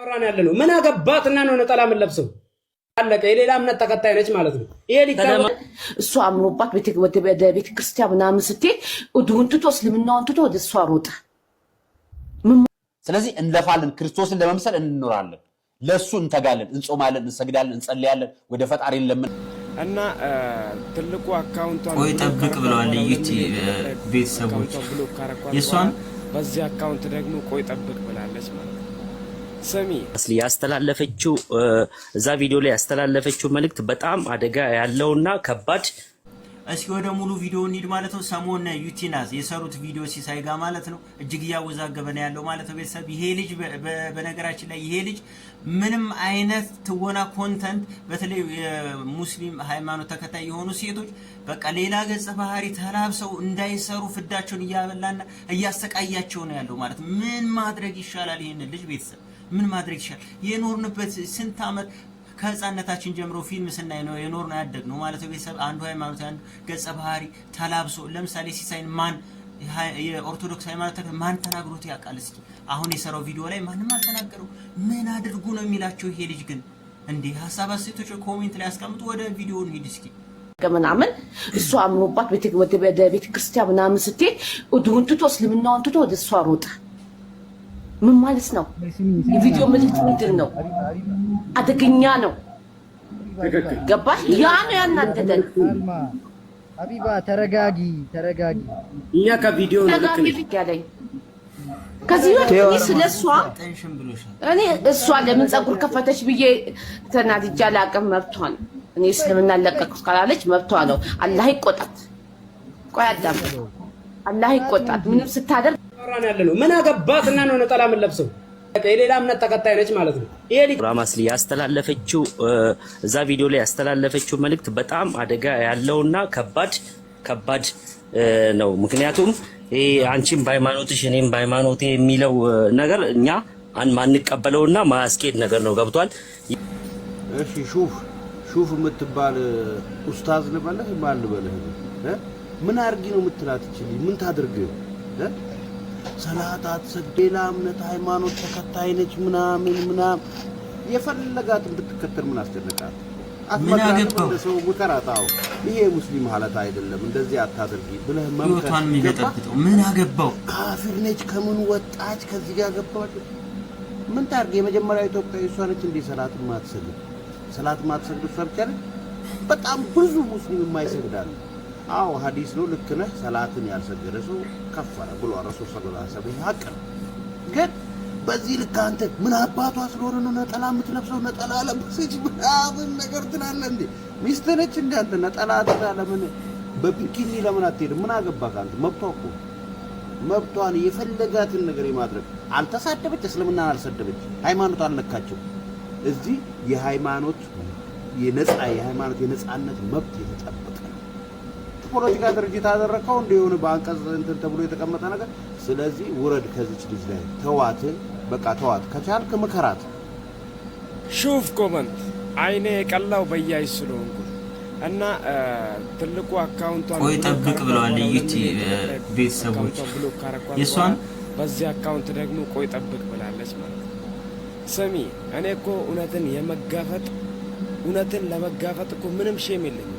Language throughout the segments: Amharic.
ያወራን ያለ ነው። ምን አገባትና ነው ነጠላ የምንለብሰው? አለቀ። የሌላ እምነት ተከታይ ነች ማለት ነው። ይሄ ሊካ እሱ አምሮባት ወደ ቤተ ክርስቲያን ምናምን ስትሄድ እድሩን ትቶ እስልምናውን ትቶ ወደ እሷ ሮጠ። ስለዚህ እንለፋለን፣ ክርስቶስን ለመምሰል እንኖራለን፣ ለእሱ እንተጋለን፣ እንጾማለን፣ እንሰግዳለን፣ እንጸልያለን፣ ወደ ፈጣሪ እንለምን እና ትልቁ አካውንቷ ቆይ ጠብቅ ብለዋል። ይቺ ቤተሰቦች የእሷን በዚህ አካውንት ደግሞ ቆይ ጠብቅ ብላለች ማለት ነው ስሚ ያስተላለፈችው እዛ ቪዲዮ ላይ ያስተላለፈችው መልእክት በጣም አደጋ ያለውና ከባድ። እስኪ ወደ ሙሉ ቪዲዮ እንሂድ ማለት ነው። ሰሞን ዩቲናዝ የሰሩት ቪዲዮ ሲሳይ ጋር ማለት ነው እጅግ እያወዛገበ ነው ያለው ማለት ነው። ቤተሰብ ይሄ ልጅ በነገራችን ላይ ይሄ ልጅ ምንም አይነት ትወና ኮንተንት፣ በተለይ የሙስሊም ሃይማኖት ተከታይ የሆኑ ሴቶች በቃ ሌላ ገጸ ባህሪ ተላብሰው እንዳይሰሩ ፍዳቸውን እያበላና እያሰቃያቸው ነው ያለው ማለት ነው። ምን ማድረግ ይሻላል ይህንን ልጅ ቤተሰብ ምን ማድረግ ይችላል? የኖርንበት ስንት ዓመት ከህፃነታችን ጀምሮ ፊልም ስናይ ነው የኖር ነው ያደግ ነው ቤተሰብ አንዱ ሃይማኖት አንዱ ገጸ ባህሪ ተላብሶ ለምሳሌ ሲሳይን ማን የኦርቶዶክስ ሃይማኖት ማን ተናግሮት ያውቃል? እስኪ አሁን የሰራው ቪዲዮ ላይ ማንም አልተናገረው። ምን አድርጉ ነው የሚላቸው ይሄ ልጅ ግን እንዴ ሀሳብ አስተያየቶች ኮሜንት ላይ አስቀምጡ። ወደ ቪዲዮውን ሂድ እስኪ ምናምን እሷ አምኖባት ወደ ቤተክርስቲያን ምናምን ስትሄድ ድሩን ትቶ እስልምናውን ትቶ ወደ እሷ ሮጠ። ምን ማለት ነው? የቪዲዮ መልዕክት ምንድን ነው? አደገኛ ነው። ገባሽ? ያ ነው ያናደደን። አቢባ ተረጋጊ፣ ተረጋጊ። እኛ ከቪዲዮ ነው ከዚህ ወደ ወዲህ ስለሷ እኔ እሷ ለምን ፀጉር ከፈተች ብዬ ተናድጄ አላውቅም። መብቷ ነው። እኔ እስልምና ለቀቅኩት ካላለች መብቷ ነው። አላህ ይቆጣት። ቆይ አዳም፣ አላህ ይቆጣት። ምንም ስታደርግ እያወራን ያለ ነው። ምን እና ነው ነጠላ ምን ለብሰው የሌላ እምነት ተከታይ ነች ማለት ነው። ይሄ ራማስሊ ያስተላለፈችው እዛ ቪዲዮ ላይ ያስተላለፈችው መልእክት በጣም አደጋ ያለውና ከባድ ከባድ ነው። ምክንያቱም ይሄ አንቺም በሃይማኖትሽ እኔም በሃይማኖቴ የሚለው ነገር እኛ አን ማንቀበለውና ማስኬድ ነገር ነው። ገብቷል። እሺ ሹፍ ሹፍ የምትባል ኡስታዝ ልበለህ ማልበለህ ምን አርጊ ነው የምትላት? ምን ታድርግ ሰላታት ሌላ እምነት ሃይማኖት ተከታይ ነች ምናምን ምናምን የፈለጋትን ብትከተል ምን አስጨነቃት? ሰው ምከራታው ይሄ ሙስሊም አይደለም እንደዚህ አታድርጊ ብለህ ምን አገባው? ካፊር ነች ከምን ወጣች ከዚህ ጋር ገባች ምን ታርግ? የመጀመሪያ እሷ ነች ሰላት ማትሰግድ ሰላት ማትሰግድ በጣም ብዙ ሙስሊም የማይሰግዳል አዎ ሀዲስ ነው፣ ልክ ነህ። ሰላትን ያልሰገደ ሰው ከፈረ ብሎ ረሱል ሰለላሁ ዐለይሂ ወሰለም። ሀቅ ነው፣ ግን በዚህ ልክ አንተ ምን አባቷ ስለሆነ ነው ነጠላ የምትለብሰው? ነጠላ ለብሰች ምናምን ነገር ትላለህ እንዴ? ሚስትህ ነች እንደ አንተ ነጠላ ትላ ለምን በቢኪኒ ለምን አትሄድም? ምን አገባህ አንተ? መብቷ እኮ መብቷን የፈለጋትን ነገር የማድረግ አልተሳደበች፣ እስልምናን አልሰደበች፣ ሃይማኖት አልነካቸው። እዚህ የሃይማኖት የነጻ የሃይማኖት የነጻነት መብት የተጠበቀ ፖለቲካ ድርጅት አደረግከው እንደሆነ በአንቀጽ እንትን ተብሎ የተቀመጠ ነገር። ስለዚህ ውረድ ከዚች ልጅ ላይ ተዋት፣ በቃ ተዋት፣ ከቻልክ ምከራት። ሹፍ ኮመንት አይኔ የቀላው በያይ ስለሆንኩ እና ትልቁ አካውንቷ ቆይ ጠብቅ ብለዋል። ዩቲ ቤተሰቦች የእሷን በዚህ አካውንት ደግሞ ቆይ ጠብቅ ብላለች ማለት ነው። ስሚ እኔ እኮ እውነትን የመጋፈጥ እውነትን ለመጋፈጥ እኮ ምንም ሼም የለኝም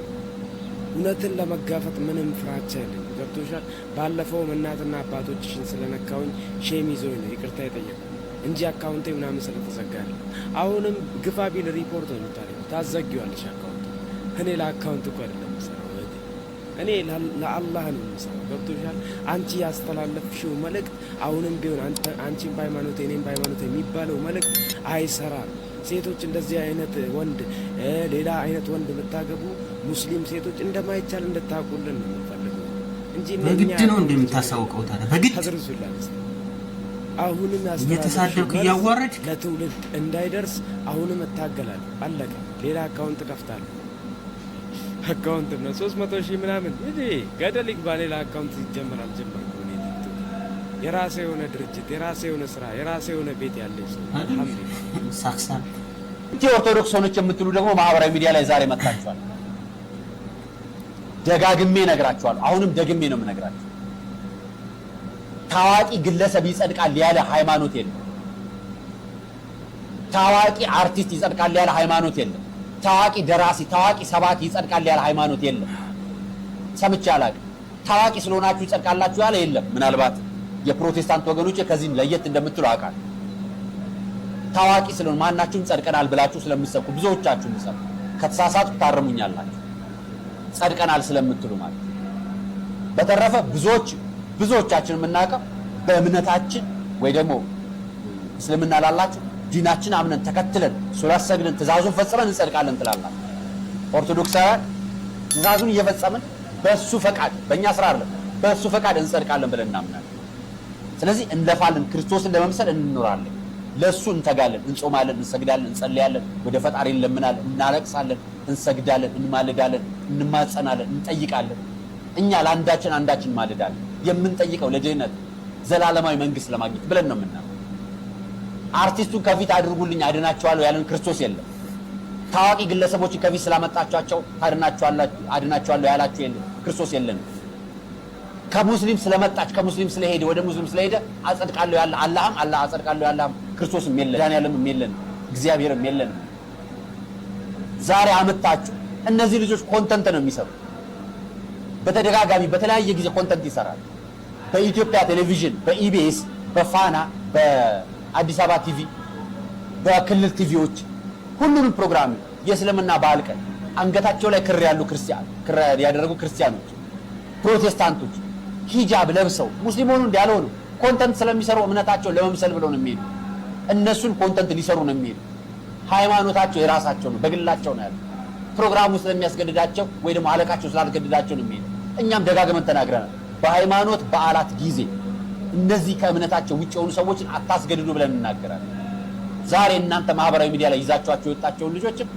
እውነትን ለመጋፈጥ ምንም ፍራቻ የለኝ። ገብቶሻል። ባለፈውም እናትና አባቶችሽን ስለነካውኝ ሼም ይዞኝ ነው ይቅርታ የጠየቁ እንጂ አካውንቴ ምናምን ስለተዘጋ ነው። አሁንም ግፋ ቢል ሪፖርት ነው የምታደርገው። ታዘጊዋለሽ አካውንት። እኔ ለአካውንት እኮ አይደለም የምሰራው፣ እኔ ለአላህ ነው የምሰራው። ገብቶሻል። አንቺ ያስተላለፍሽው መልእክት አሁንም ቢሆን አንቺን በሃይማኖት እኔም በሃይማኖት የሚባለው መልእክት አይሰራም። ሴቶች እንደዚህ አይነት ወንድ ሌላ አይነት ወንድ ብታገቡ ሙስሊም ሴቶች እንደማይቻል እንድታውቁልን ነው የምንፈልገው እንጂ በግድ ነው እንደምታሳውቀው ታዲያ በግድ አሁንም እየተሳደብክ እያዋረድክ ለትውልድ እንዳይደርስ አሁንም እታገላለሁ። አለቀ። ሌላ አካውንት ከፍታለሁ። አካውንት ነው ሶስት መቶ ሺህ ምናምን እ ገደል ይግባ። ሌላ አካውንት ይጀምራል። ጀመር የራሴ የሆነ ድርጅት፣ የራሴ የሆነ ስራ፣ የራሴ የሆነ ቤት ያለች ሳክሳ እቴ ኦርቶዶክስ ሆነች የምትሉ ደግሞ ማህበራዊ ሚዲያ ላይ ዛሬ መጥታችኋል። ደጋግሜ እነግራችኋለሁ። አሁንም ደግሜ ነው የምነግራችሁ። ታዋቂ ግለሰብ ይጸድቃል ያለ ሃይማኖት የለም። ታዋቂ አርቲስት ይጸድቃል ያለ ሃይማኖት የለም። ታዋቂ ደራሲ፣ ታዋቂ ሰባኪ ይጸድቃል ያለ ሃይማኖት የለም። ሰምቼ አላውቅም። ታዋቂ ስለሆናችሁ ይጸድቃላችሁ ያለ የለም። ምናልባት የፕሮቴስታንት ወገኖች ከዚህም ለየት እንደምትሉ አውቃለሁ። ታዋቂ ስለሆን ማናችሁም ጸድቀናል ብላችሁ ስለምትሰብኩ ብዙዎቻችሁ ምሰብ ከተሳሳትኩ ታርሙኛላችሁ። ጸድቀናል ስለምትሉ ማለት በተረፈ ብዙዎች ብዙዎቻችን የምናውቀው በእምነታችን ወይ ደግሞ እስልምና ላላችሁ ዲናችን አምነን ተከትለን ሱላት ሰግደን ትእዛዙን ፈጽመን እንጸድቃለን ትላላችሁ። ኦርቶዶክሳውያን ትእዛዙን እየፈጸምን በእሱ ፈቃድ በእኛ ስራ አለ በእሱ ፈቃድ እንጸድቃለን ብለን እናምናለን። ስለዚህ እንለፋለን፣ ክርስቶስን ለመምሰል እንኖራለን። ለእሱ እንተጋለን፣ እንጾማለን፣ እንሰግዳለን፣ እንጸለያለን፣ ወደ ፈጣሪ እንለምናለን፣ እናለቅሳለን፣ እንሰግዳለን፣ እንማልዳለን፣ እንማጸናለን፣ እንጠይቃለን። እኛ ለአንዳችን አንዳችን ማልዳለን። የምንጠይቀው ለድህነት ዘላለማዊ መንግስት ለማግኘት ብለን ነው የምናለው። አርቲስቱን ከፊት አድርጉልኝ አድናቸዋለሁ ያለን ክርስቶስ የለም። ታዋቂ ግለሰቦችን ከፊት ስላመጣችኋቸው አድናቸዋለሁ ያላቸው የለም ክርስቶስ የለን። ከሙስሊም ስለመጣች ከሙስሊም ስለሄደ ወደ ሙስሊም ስለሄደ አጸድቃለሁ ያለ አላህም አላህ አጸድቃለሁ ያለህም ክርስቶስም የለን፣ መድኃኒዓለምም የለን፣ እግዚአብሔርም የለን። ዛሬ አመጣችሁ። እነዚህ ልጆች ኮንተንት ነው የሚሰሩ። በተደጋጋሚ በተለያየ ጊዜ ኮንተንት ይሰራል። በኢትዮጵያ ቴሌቪዥን፣ በኢቢኤስ፣ በፋና፣ በአዲስ አበባ ቲቪ፣ በክልል ቲቪዎች ሁሉንም ፕሮግራም የእስልምና በዓል ቀን አንገታቸው ላይ ክር ያሉ ክርስቲያን ክር ያደረጉ ክርስቲያኖች፣ ፕሮቴስታንቶች ሂጃብ ለብሰው ሙስሊም ሆኑ እንዲያልሆኑ ኮንተንት ስለሚሰሩ እምነታቸው ለመምሰል ብለው ነው የሚሄዱ። እነሱን ኮንተንት ሊሰሩ ነው የሚሄዱ። ሃይማኖታቸው የራሳቸው ነው፣ በግላቸው ነው ያለ። ፕሮግራሙ ስለሚያስገድዳቸው ወይ ደግሞ አለቃቸው ስላልገድዳቸው ነው የሚሄዱ። እኛም ደጋግመን ተናግረናል። በሃይማኖት በዓላት ጊዜ እነዚህ ከእምነታቸው ውጭ የሆኑ ሰዎችን አታስገድዱ ብለን እናገራለን። ዛሬ እናንተ ማህበራዊ ሚዲያ ላይ ይዛችኋቸው የወጣቸውን ልጆችም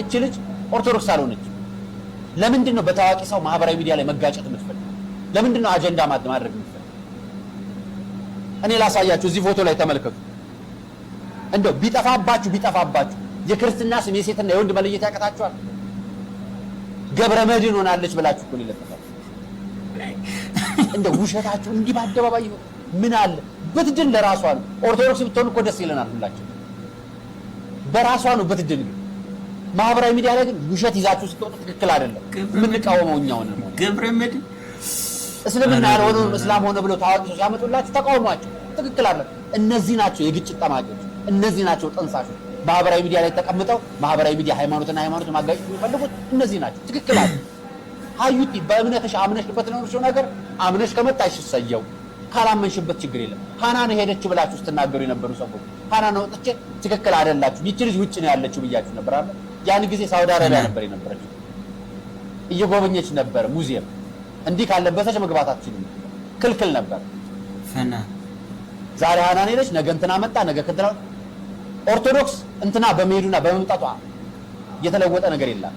እች ልጅ ኦርቶዶክስ አልሆነች። ለምንድን ነው በታዋቂ ሰው ማህበራዊ ሚዲያ ላይ መጋጨት የምትፈልግ? ለምንድን ነው አጀንዳ ማድረግ የምትፈልግ? እኔ ላሳያችሁ፣ እዚህ ፎቶ ላይ ተመልከቱ። እንደው ቢጠፋባችሁ ቢጠፋባችሁ የክርስትና ስም የሴትና የወንድ መለየት ያቀታችኋል። ገብረ መድን ሆናለች ብላችሁ እኮ ይለጠፋል። እንደው ውሸታችሁ እንዲህ በአደባባይ ምን አለ ብትድን ለራሷ ነው። ኦርቶዶክስ ብትሆን እኮ ደስ ይለናል ሁላችሁ። በራሷ ነው ብትድን። ግን ማህበራዊ ሚዲያ ላይ ግን ውሸት ይዛችሁ ስትወጡ ትክክል አይደለም። የምንቃወመው እኛው ነን። ገብረ መድን እስልምና ያልሆነውን እስላም ሆነ ብለው ታዋቂ ሰው ሲያመጡላችሁ ተቃውሟቸው ትክክል አለ። እነዚህ ናቸው የግጭት ጠማቂዎች። እነዚህ ናቸው ጠንሳሾች። ማህበራዊ ሚዲያ ላይ ተቀምጠው ማህበራዊ ሚዲያ ሃይማኖትና ሃይማኖት ማጋጨት የሚፈልጉት እነዚህ ናቸው። ትክክል አለ ሀዩቲ በእምነትሽ አምነሽበት ነው ነገር አምነሽ ከመጣሽ ሰየው ካላመንሽበት ችግር የለም። ሀና ነው ሄደችው ብላችሁ ስትናገሩ የነበሩ ሰዎች ሀና ነው ወጥቼ ትክክል አይደላችሁ ይቺ ልጅ ውጭ ነው ያለችው ብያችሁ ነበር አለ። ያን ጊዜ ሳውዲ አረቢያ ነበር የነበረችው፣ እየጎበኘች ነበር ሙዚየም። እንዲህ ካለበሰች መግባት አትችልም፣ ክልክል ነበር። ዛሬ ሀና ሄደች፣ ነገ እንትና መጣ፣ ነገ ክንትና ኦርቶዶክስ እንትና በመሄዱና በመምጣቷ የተለወጠ ነገር የለም።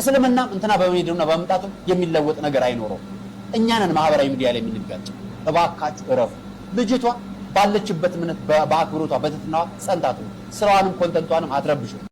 እስልምናም እንትና በመሄዱና በመምጣቱ የሚለወጥ ነገር አይኖረው። እኛንን ማህበራዊ ሚዲያ ላይ የምንጋጭ እባካችሁ እረፉ። ልጅቷ ባለችበት እምነት በአክብሮቷ በትትናዋ ጸንታቱ ስራዋንም ኮንተንቷንም አትረብሹ።